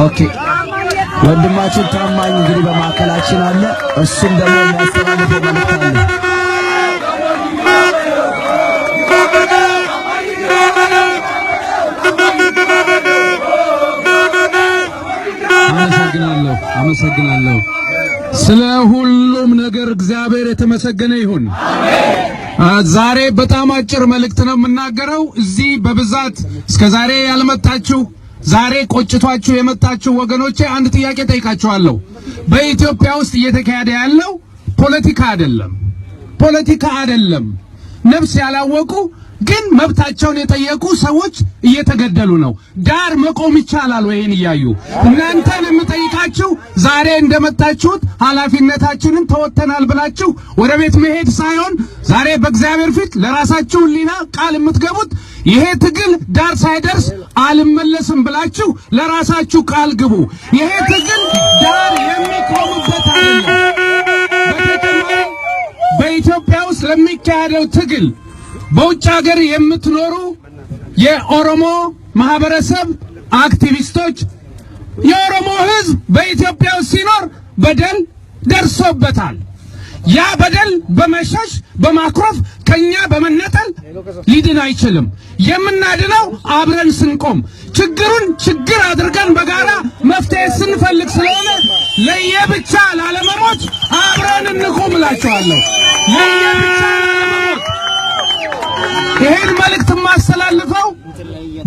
ኦኬ ወንድማችን ታማኝ እንግዲህ በማዕከላችን አለ። እሱም ደግሞ የሚያስተላልፈው መልእክት አለ። አመሰግናለሁ፣ አመሰግናለሁ። ስለ ሁሉም ነገር እግዚአብሔር የተመሰገነ ይሁን። ዛሬ በጣም አጭር መልእክት ነው የምናገረው። እዚህ በብዛት እስከ ዛሬ ያልመጣችሁ ዛሬ ቆጭቷችሁ የመጣችሁ ወገኖቼ አንድ ጥያቄ ጠይቃችኋለሁ። በኢትዮጵያ ውስጥ እየተካሄደ ያለው ፖለቲካ አይደለም፣ ፖለቲካ አይደለም። ነፍስ ያላወቁ ግን መብታቸውን የጠየቁ ሰዎች እየተገደሉ ነው። ዳር መቆም ይቻላል ወይን እያዩ እናንተን የምጠይቃችሁ ዛሬ እንደመጣችሁት ኃላፊነታችንን ተወጥተናል ብላችሁ ወደ ቤት መሄድ ሳይሆን ዛሬ በእግዚአብሔር ፊት ለራሳችሁ ሊና ቃል የምትገቡት ይሄ ትግል ዳር ሳይደርስ አልመለስም ብላችሁ ለራሳችሁ ቃል ግቡ። ይሄ ትግል ዳር የሚቆምበት አይደለም። ስለሚካሄደው ትግል በውጭ ሀገር የምትኖሩ የኦሮሞ ማህበረሰብ አክቲቪስቶች የኦሮሞ ህዝብ በኢትዮጵያ ውስጥ ሲኖር በደል ደርሶበታል። ያ በደል በመሸሽ በማኩረፍ ከኛ በመነጠል ሊድን አይችልም። የምናድነው አብረን ስንቆም ችግሩን ችግር አድርገን በጋራ መፍትሄ ስንፈልግ ስለሆነ ለየብቻ ላለመሞት አብረን እንቁም እላችኋለሁ። ለየብቻ ይሄን መልእክት የማስተላልፈው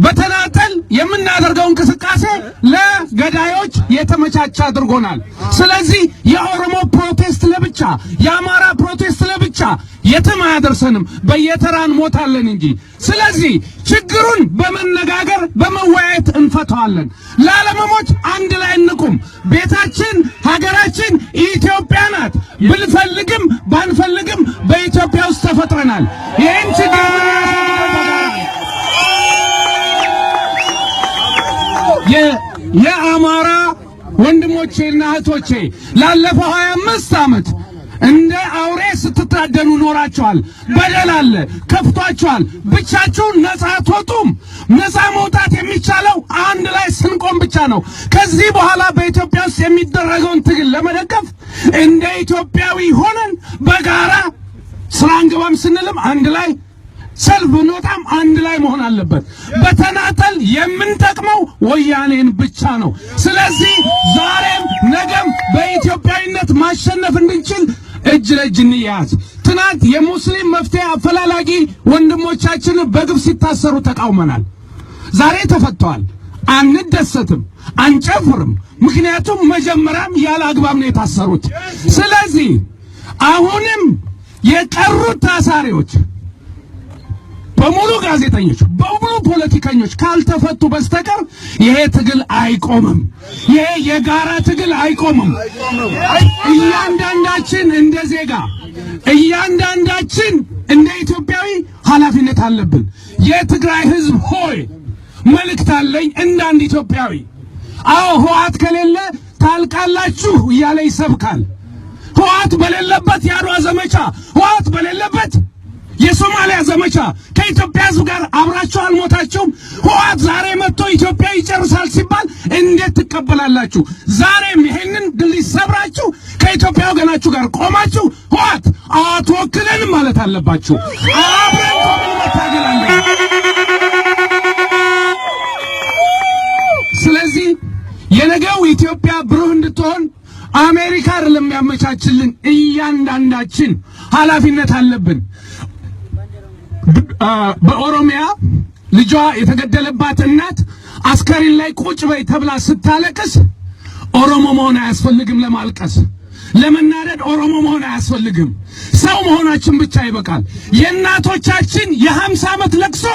በተናጠል የምናደርገው እንቅስቃሴ ለገዳዮች የተመቻቸ አድርጎናል። ስለዚህ የኦሮሞ ፕሮቴስት ለብቻ፣ የአማራ ፕሮቴስት ለብቻ የትም አያደርሰንም። በየተራ እንሞታለን እንጂ። ስለዚህ ችግሩን በመነጋገር በመወያየት እንፈታዋለን። ላለመሞች አንድ ላይ እንቁም። ቤታችን ሀገራችን ኢትዮጵያ ናት። ብንፈልግም ባንፈልግም በኢትዮጵያ ውስጥ ተፈጥረናል። ይህን ችግር የአማራ ወንድሞቼና እህቶቼ ላለፈው 25 ዓመት እንደ አውሬ ስትታደኑ ኖራችኋል። በደል አለ፣ ከፍቷችኋል። ብቻችሁን ነፃ አትወጡም። ነፃ መውጣት የሚቻለው አንድ ላይ ስንቆም ብቻ ነው። ከዚህ በኋላ በኢትዮጵያ ውስጥ የሚደረገውን ትግል ለመደገፍ እንደ ኢትዮጵያዊ ሆነን በጋራ ስራ አንገባም ስንልም አንድ ላይ ሰልፍ ብንወጣም አንድ ላይ መሆን አለበት። በተናጠል የምንጠቅመው ወያኔን ብቻ ነው። ስለዚህ ዛሬም ነገም በኢትዮጵያዊነት ማሸነፍ እንድንችል እጅ ለእጅ እንያያዝ። ትናንት የሙስሊም መፍትሄ አፈላላጊ ወንድሞቻችን በግብ ሲታሰሩ ተቃውመናል። ዛሬ ተፈተዋል። አንደሰትም፣ አንጨፍርም። ምክንያቱም መጀመሪያም ያለ አግባብ ነው የታሰሩት። ስለዚህ አሁንም የቀሩት ታሳሪዎች በሙሉ ጋዜጠኞች ፖለቲከኞች ካልተፈቱ በስተቀር ይሄ ትግል አይቆምም። ይሄ የጋራ ትግል አይቆምም። እያንዳንዳችን እንደ ዜጋ እያንዳንዳችን እንደ ኢትዮጵያዊ ኃላፊነት አለብን። የትግራይ ህዝብ ሆይ መልእክት አለኝ እንደ አንድ ኢትዮጵያዊ። አዎ ህወሓት ከሌለ ታልቃላችሁ እያለ ይሰብካል። ህወሓት በሌለበት የአድዋ ዘመቻ ህወሓት በሌለበት የሶማሊያ ዘመቻ ከኢትዮጵያ ህዝብ ጋር አብራችሁ አልሞታችሁም? ህወሓት ዛሬ መጥቶ ኢትዮጵያ ይጨርሳል ሲባል እንዴት ትቀበላላችሁ? ዛሬም ይሄንን ድልድይ ሰብራችሁ ከኢትዮጵያ ወገናችሁ ጋር ቆማችሁ ህወሓት አትወክለንም ማለት አለባችሁ። አብረን መታገል አለ። ስለዚህ የነገው ኢትዮጵያ ብሩህ እንድትሆን አሜሪካ አይደለም ያመቻችልን፣ እያንዳንዳችን ኃላፊነት አለብን። በኦሮሚያ ልጇ የተገደለባት እናት አስከሬን ላይ ቁጭ በይ ተብላ ስታለቅስ ኦሮሞ መሆን አያስፈልግም ለማልቀስ ለመናደድ ኦሮሞ መሆን አያስፈልግም። ሰው መሆናችን ብቻ ይበቃል። የእናቶቻችን የሀምሳ ዓመት ለቅሶ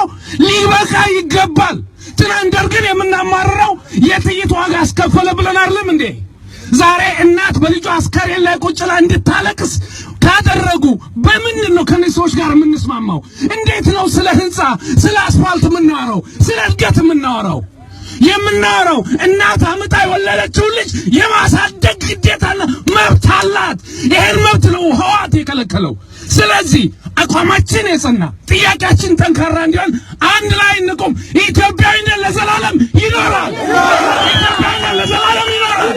ሊበቃ ይገባል። ትናንት ደርግን የምናማርረው የጥይት ዋጋ አስከፈለ ብለን አይደለም እንዴ? ዛሬ እናት በልጇ አስከሬን ላይ ቁጭ እንድታለቅስ ካደረጉ በምንድን ነው ከነዚህ ሰዎች ጋር የምንስማማው? እንዴት ነው ስለ ህንፃ፣ ስለ አስፋልት የምናወራው? ስለ እድገት የምናወራው የምናወራው እናት አምጣ የወለደችው ልጅ የማሳደግ ግዴታ መብት አላት። ይሄን መብት ነው ህወሓት የከለከለው። ስለዚህ አቋማችን የጸና ጥያቄያችን ጠንካራ እንዲሆን አንድ ላይ እንቁም። ኢትዮጵያዊነት ለዘላለም ይኖራል። ኢትዮጵያዊነት ለዘላለም ይኖራል።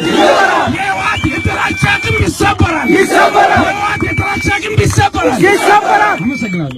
ይሰበራል። አመሰግናለሁ።